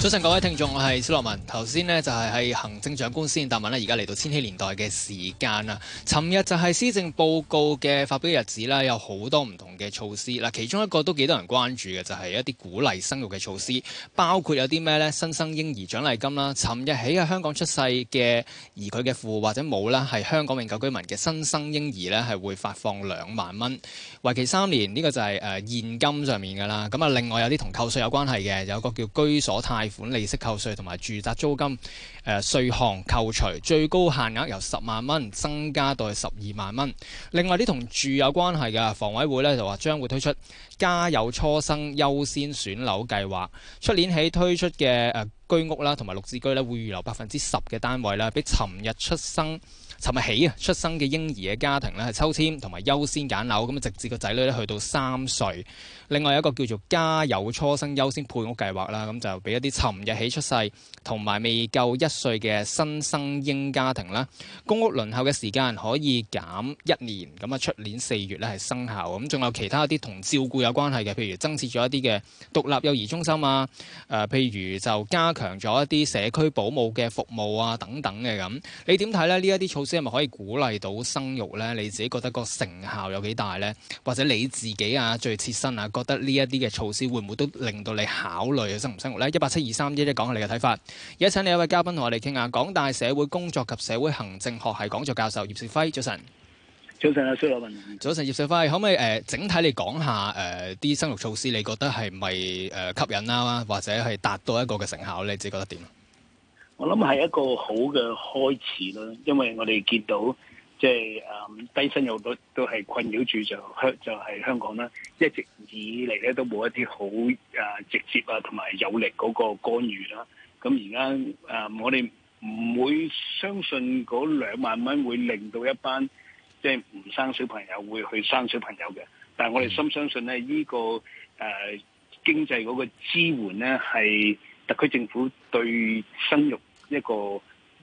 早晨，各位聽眾，我係小羅文。頭先呢就係、是、喺行政長官先答問咧，而家嚟到千禧年代嘅時間啦。尋日就係施政報告嘅發表日子啦，有好多唔同嘅措施嗱，其中一個都幾多人關注嘅就係、是、一啲鼓勵生育嘅措施，包括有啲咩呢？新生嬰兒獎勵金啦，尋日起喺香港出世嘅而佢嘅父或者母咧係香港永久居民嘅新生嬰兒呢係會發放兩萬蚊，為期三年。呢、這個就係誒現金上面嘅啦。咁啊，另外有啲同扣稅有關係嘅，有一個叫居所貸。款利息扣稅，同埋住宅租金誒稅項扣除最高限額由十萬蚊增加到十二萬蚊。另外啲同住有關係嘅，房委會咧就話將會推出家有初生優先選樓計劃。出年起推出嘅、呃、居屋啦，同埋綠置居咧，會預留百分之十嘅單位啦，俾尋日出生。尋日起啊，出生嘅嬰兒嘅家庭呢係抽籤同埋優先揀樓，咁啊直至個仔女呢去到三歲。另外有一個叫做家有初生優先配屋計劃啦，咁就俾一啲尋日起出世同埋未夠一歲嘅新生嬰家庭啦，公屋輪候嘅時間可以減一年。咁啊出年四月呢係生效。咁仲有其他一啲同照顧有關係嘅，譬如增設咗一啲嘅獨立幼兒中心啊，誒、呃、譬如就加強咗一啲社區保姆嘅服務啊等等嘅咁。你點睇呢？呢一啲措施？即係咪可以鼓勵到生育呢？你自己覺得個成效有幾大呢？或者你自己啊最切身啊覺得呢一啲嘅措施會唔會都令到你考慮生唔生活呢？1. 1. 一八七二三一一講下你嘅睇法。而家請你一位嘉賓同我哋傾下，港大社會工作及社會行政學系講座教授葉兆輝，早晨。早晨啊，蘇立文葉兆輝，輝，可唔可以誒、呃、整體你講一下誒啲、呃、生育措施，你覺得係咪誒吸引啦？或者係達到一個嘅成效你自己覺得點？我諗係一個好嘅開始咯，因為我哋見到即係誒低生育率都係困擾住就香就係香港啦，一直以嚟咧都冇一啲好誒直接啊同埋有力嗰個干預啦。咁而家誒我哋唔會相信嗰兩萬蚊會令到一班即係唔生小朋友會去生小朋友嘅，但係我哋深相信咧，呢個誒經濟嗰個支援咧係特區政府對生育。一個、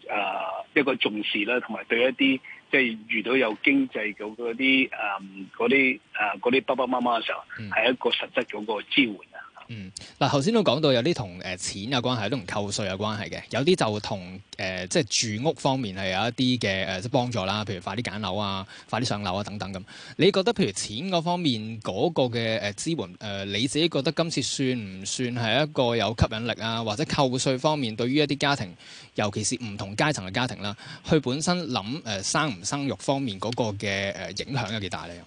呃、一個重視啦，同埋對一啲即、係、遇到有經濟嗰啲誒嗰啲誒嗰啲爸爸媽媽嘅時候，係一個實質咁個支援。嗯，嗱，頭先都講到有啲同誒錢有關係，都同扣稅有關係嘅，有啲就同誒即係住屋方面係有一啲嘅誒幫助啦，譬如快啲揀樓啊，快啲上樓啊等等咁。你覺得譬如錢嗰方面嗰個嘅誒支援誒、呃，你自己覺得今次算唔算係一個有吸引力啊？或者扣稅方面對於一啲家庭，尤其是唔同階層嘅家庭啦，佢本身諗誒生唔生育方面嗰個嘅誒影響有幾大咧？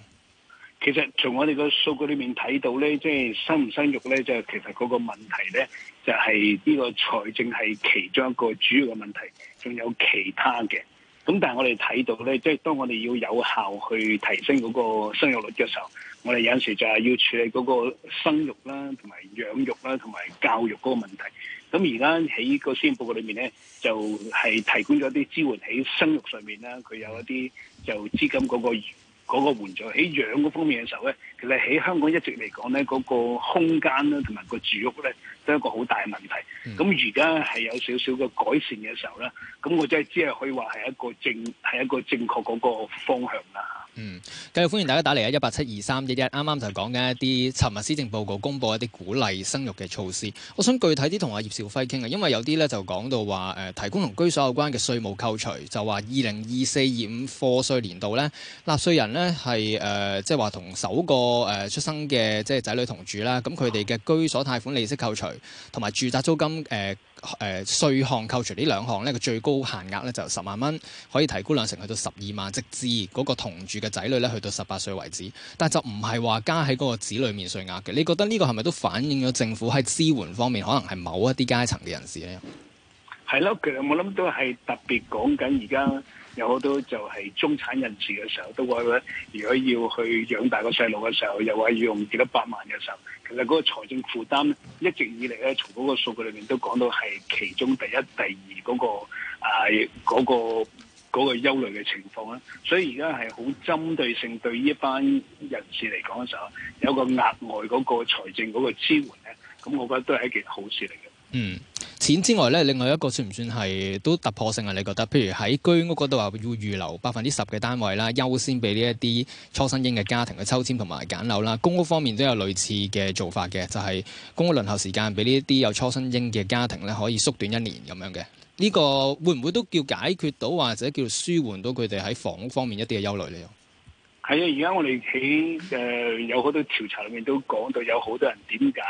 其實從我哋個數據裏面睇到咧，即係生唔生育咧，就係其實嗰個問題咧，就係呢個財政係其中一個主要嘅問題，仲有其他嘅。咁但係我哋睇到咧，即係當我哋要有效去提升嗰個生育率嘅時候，我哋有陣時就係要處理嗰個生育啦、同埋養育啦、同埋教育嗰個問題。咁而家喺個施政報告裏面咧，就係提供咗啲支援喺生育上面啦，佢有一啲就資金嗰個。嗰個援助喺養嗰方面嘅時候咧。其實喺香港一直嚟講呢嗰、嗰個空間咧，同埋個住屋咧，都係一個好大嘅問題。咁而家係有少少嘅改善嘅時候咧，咁我真係只係可以話係一個正，係一個正確嗰個方向啦。嗯，繼續歡迎大家打嚟啊！一八七二三一一，啱啱就講緊一啲尋日施政報告公布一啲鼓勵生育嘅措施。我想具體啲同阿葉兆輝傾啊，因為有啲咧就講到話誒、呃、提供同居所有關嘅稅務扣除，就話二零二四二五課稅年度咧，納稅人咧係誒即係話同首個。個誒出生嘅即係仔女同住啦，咁佢哋嘅居所貸款利息扣除同埋住宅租金誒誒稅項扣除兩項呢兩項咧，個最高限額咧就十萬蚊，可以提高兩成去到十二萬，直至嗰個同住嘅仔女咧去到十八歲為止。但係就唔係話加喺嗰個子女免稅額嘅。你覺得呢個係咪都反映咗政府喺支援方面可能係某一啲階層嘅人士咧？係咯，其實我諗都係特別講緊而家。有好多就係中產人士嘅時候，都話咧，如果要去養大個細路嘅時候，又話要用幾多百萬嘅時候，其實嗰個財政負擔咧，一直以嚟咧，從嗰個數據裏面都講到係其中第一、第二嗰個啊嗰個嗰個憂慮嘅情況啦。所以而家係好針對性對呢一班人士嚟講嘅時候，有一個額外嗰個財政嗰個支援咧，咁我覺得都係一件好事嚟嘅。嗯。點之外咧，另外一個算唔算係都突破性啊？你覺得，譬如喺居屋嗰度話要預留百分之十嘅單位啦，優先俾呢一啲初生嬰嘅家庭去抽籤同埋揀樓啦。公屋方面都有類似嘅做法嘅，就係公屋輪候時間俾呢一啲有初生嬰嘅家庭咧，可以縮短一年咁樣嘅。呢個會唔會都叫解決到或者叫舒緩到佢哋喺房屋方面一啲嘅憂慮咧？係啊，而家我哋喺誒有好多調查裏面都講到有好多人點解？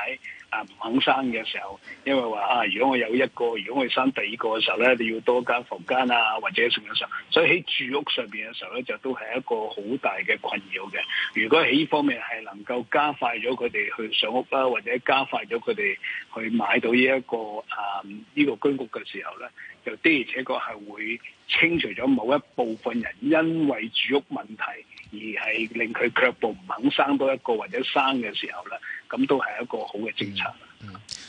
啊！唔肯生嘅時候，因為話啊，如果我有一個，如果我生第二個嘅時候咧，你要多間房間啊，或者成日上，所以喺住屋上面嘅時候咧，就都係一個好大嘅困擾嘅。如果喺呢方面係能夠加快咗佢哋去上屋啦，或者加快咗佢哋去買到呢、呢、一個啊、呢個居屋嘅時候咧，就的而且確係會清除咗某一部分人因為住屋問題而係令佢卻步唔肯生多一個或者生嘅時候咧。咁都係一個好嘅政策。嗯，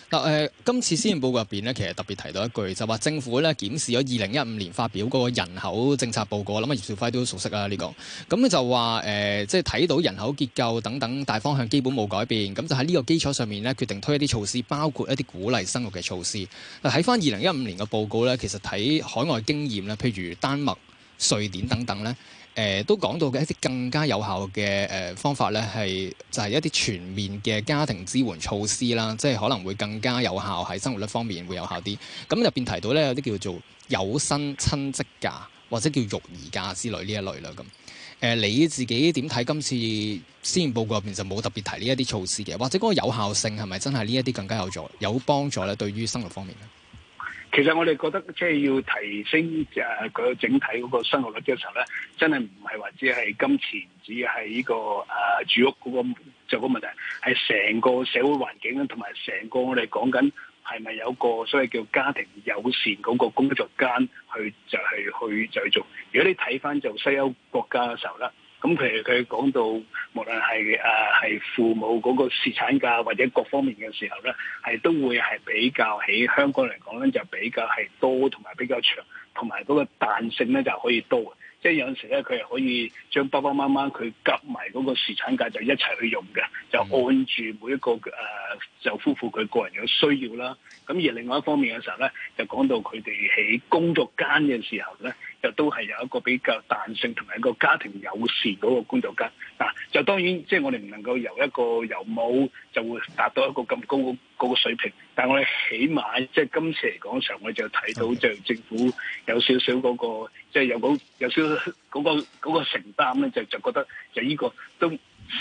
嗱、誒、今次施政報告入邊咧，其實特別提到一句，就話政府咧檢視咗二零一五年發表嗰個人口政策報告，諗阿葉兆輝都熟悉啦呢、呢個。咁咧就話、呃、即係睇到人口結構等等大方向基本冇改變，咁就喺呢個基礎上面咧，決定推一啲措施，包括一啲鼓勵生育嘅措施。嗱，喺翻二零一五年嘅報告咧，其實睇海外經驗咧，譬如丹麥、瑞典等等咧。誒、呃、都講到嘅一啲更加有效嘅、呃、方法咧，係就係、是、一啲全面嘅家庭支援措施啦，即係可能會更加有效，喺生育率方面會有效啲。咁入面提到咧，有啲叫做有薪親職假或者叫育兒假之類呢一類啦咁、呃。你自己點睇，今次施政報告入面就冇特別提呢一啲措施嘅，或者嗰個有效性係咪真係呢一啲更加有助有幫助咧？對於生育方面咧？其實我哋覺得，即係要提升誒佢整體嗰個生育率嘅時候咧，真係唔係話只係金錢，只係呢個誒住屋嗰個就個問題，係成個社會環境同埋成個我哋講緊係咪有一個所謂叫家庭友善嗰個工作間去就係去做。如果你睇翻就西歐國家嘅時候咧。咁其實佢講到，無論係誒係父母嗰個侍產假或者各方面嘅時候咧，係都會係比較喺香港嚟講咧，就比較係多同埋比較長，同埋嗰個彈性咧就可以多。即係有時咧，佢係可以將爸爸媽媽佢夾埋嗰個侍產假就一齊去用嘅，就按住每一個誒、呃、就夫婦佢個人嘅需要啦。咁而另外一方面嘅時候咧，就講到佢哋喺工作間嘅時候咧。就都係有一個比較彈性同埋一個家庭友善嗰個工作間嗱、啊，就當然即係、就是、我哋唔能夠由一個由冇就會達到一個咁高嗰個水平，但係我哋起碼即係今次嚟講嘅，我就睇到就政府有少少嗰、嗰個即係、就是、有嗰有少少嗰、嗰個嗰個嗰個承擔咧，就就覺得就呢、呢個都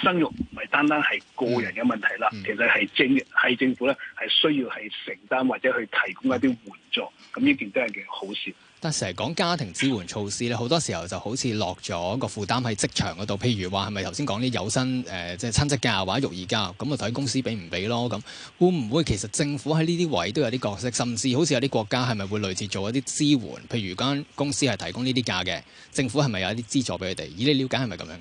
生育唔係單單係個人嘅問題啦、嗯嗯，其實係政係政府咧係需要係承擔或者去提供一啲援助，咁呢件都係件好事。但成日講家庭支援措施咧，好多時候就好似落咗個負擔喺職場嗰度。譬如話係咪頭先講啲有薪誒、呃，即係親戚假或者育兒假咁啊？睇公司俾唔俾咯咁。咁會唔會其實政府喺呢啲位都有啲角色？甚至好似有啲國家係咪會類似做一啲支援？譬如間公司係提供呢啲假嘅，政府係咪有一啲資助俾佢哋？以你了解係咪咁樣嘅？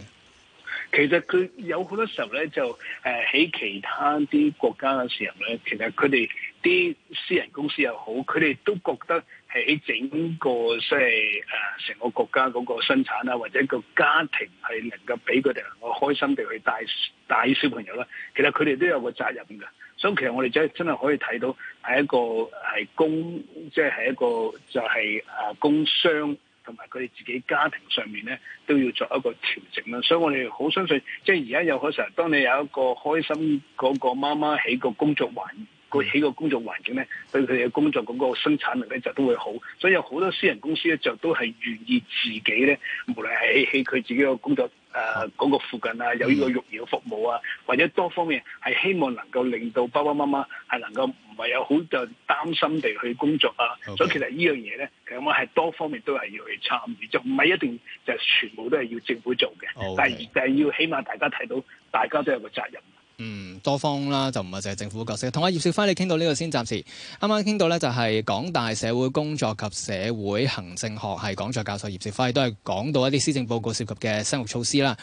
其實佢有好多時候咧，就誒喺、呃、其他啲國家嘅時候咧，其實佢哋啲私人公司又好，佢哋都覺得。喺整個即係誒成個國家嗰個生產啦，或者個家庭係能夠俾佢哋能夠開心地去帶帶小朋友啦。其實佢哋都有個責任㗎，所以其實我哋真真係可以睇到係一個係工，即係係一個就係、是、誒工商同埋佢哋自己家庭上面咧都要作一個調整啦。所以我哋好相信，即係而家有嗰時候，當你有一個開心嗰個媽媽喺個工作環佢、嗯、起個工作環境咧，對佢哋嘅工作嗰個生產力咧就都會好，所以有好多私人公司咧就都係願意自己咧，無論係喺佢自己個工作誒嗰個附近啊，有呢個育兒嘅服務啊、嗯，或者多方面係希望能夠令到爸爸媽媽係能夠唔係有好大擔心地去工作啊，okay. 所以其實呢樣嘢咧，其實我係多方面都係要去參與，就唔係一定就係、全部都係要政府做嘅，okay. 但係但係要起碼大家睇到大家都有個責任。嗯，多方啦，就唔係淨係政府嘅角色。同阿葉兆輝，你傾到呢度先暫時啱啱傾到咧，就係、是、港大社會工作及社會行政學系講座教授葉兆輝都係講到一啲施政報告涉及嘅生育措施啦。